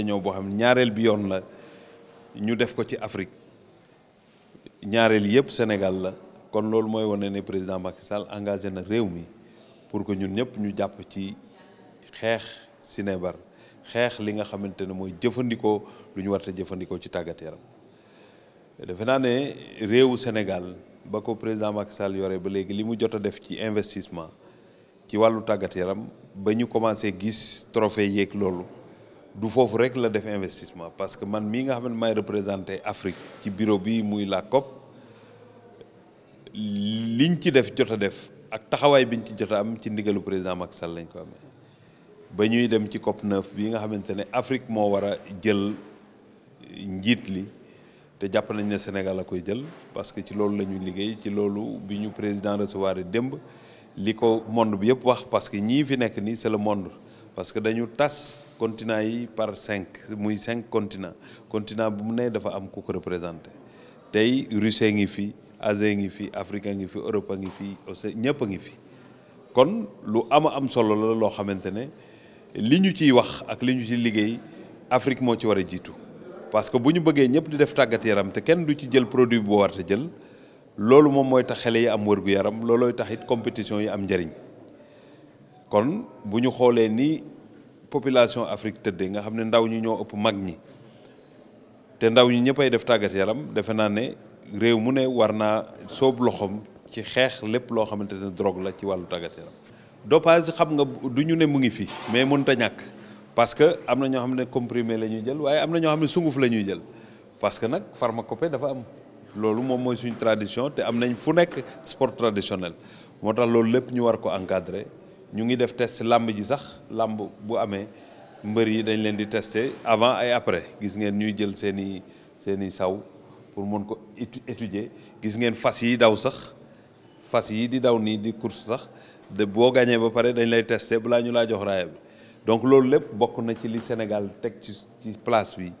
ñëw boo xam ñaareel bi yoon la ñu def ko ci Afrique ñaareel yëpp Sénégal la kon loolu mooy wane ne président Macky Sall engagé na réew mi pour que ñun ñëpp ñu jàpp ci xeex Sinébar xeex li nga xamante ne mooy jëfandikoo lu ñu war jëfandikoo ci tàggat yaram defe naa ne réewu Sénégal ba ko président Macky Sall yore ba léegi li mu jot a def ci investissement ci wàllu tàggat yaram ba ñu commencé gis trophée yéeg loolu du foofu rek la def investissement parce que man mii nga xamante ne may représenté Afrique ci bureau bi muy la COP liñ ci def jot def ak taxawaay biñ ci jot am ci ndigalu président Macky Sall lañ ko amee ba ñuy dem ci COP bi nga xamante ne Afrique moo war a jël njiit li te jàpp nañ ne Sénégal a koy jël parce que ci loolu la ñuy liggéey ci loolu bi ñu président recevoir démb. li ko monde bi yëpp wax parce que ñii fi nekk nii c'est monde parce que dañu tas continent yi par cinq muy cinq continent continent bu mu nee dafa am ku ko tey Russie ngi fi Asie ngi fi Afrique ngi fi Europe ngi fi Océanie ñëpp a ngi fi kon lu ama am solo la loo xamante ne li ñu ciy wax ak li ñu ciy liggéey Afrique moo ci war a jiitu parce que bu ñu bëggee ñëpp di def tàggat yaram te kenn du ci jël produit bu warte jël loolu moom mooy tax xele yi am wërgu yaram loolooy tax it compétition yi am njariñ kon bu ñu xoolee ni population Afrique tëddee nga xam ne ndaw ñi ñoo ëpp mag ñi te ndaw ñi ñëppay def tàggat yaram defe naa ne réew mu ne war naa soob loxoom ci xeex lépp loo xamante ne drogue la ci wàllu tàggat yaram. dopage xam nga du ñu ne mu ngi fi mais mënut a ñàkk parce que am na ñoo xam ne comprimé la ñuy jël waaye am na ñoo xam ne sunguf la ñuy jël parce que nag pharmacopée dafa am. loolu moom mooy suñu tradition te am nañ fu nekk sport traditionnel moo tax loolu lépp ñu war ko encadrer ñu ngi def test làmb ji sax làmb bu amee mbër yi dañ leen di tester avant ay après gis ngeen ñuy jël seen i seen i saw pour mën ko étudier gis ngeen fas yi daw sax fas yi di daw nii di course sax de boo gañee ba pare dañ lay bu laa ñu laa jox raaya bi donc loolu lépp bokk na ci li Sénégal teg ci ci place bi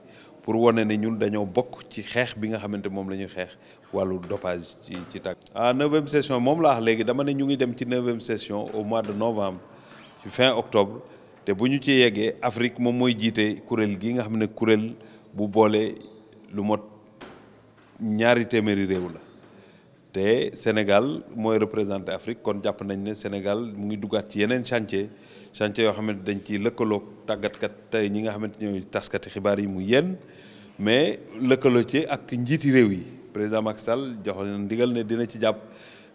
pour wane ne ñun dañoo bokk ci xeex bi nga xamante moom la ñuy xeex wàllu dopage ci ci tàkk. ah neuvième session moom laa léegi dama ne ñu ngi dem ci neuvième session au mois de novembre ci fin octobre te bu ñu ci yeggee Afrique moom mooy jiite kuréel gi nga xam ne kuréel bu boolee lu mot ñaari téeméeri réew la te Sénégal mooy représenté Afrique kon jàpp nañ ne Sénégal mu ngi duggaat ci yeneen chantier. chantier yoo xamante dañ ciy lëkkaloog tàggatkat tey ñi nga xamante ñooy taskati xibaar yi mu yenn mais lëkkaloo ci ak njiiti réew yi président Macky Sall joxe na ndigal ne dina ci jàpp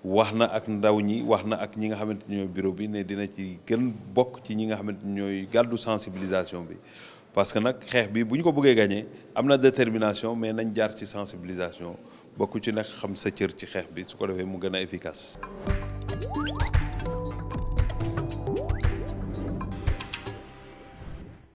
wax na ak ndaw ñi wax na ak ñi nga xamante ñooy bureau bi ne dina ci gën bokk ci ñi nga xamante ñooy gàddu sensibilisation bi parce que nag xeex bi bu ñu ko bëggee gagné am na détermination mais nañ jaar ci sensibilisation bokk ci nekk xam sa cër ci xeex bi su ko defee mu gën a efficace